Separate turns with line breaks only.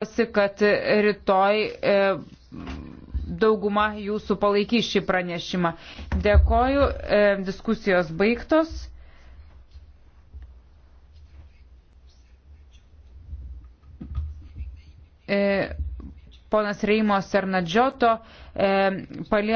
tikiuosi, kad rytoj e, dauguma jūsų palaikys šį pranešimą. Dėkoju, e, diskusijos baigtos. E, ponas Reimo Sernadžioto palieka.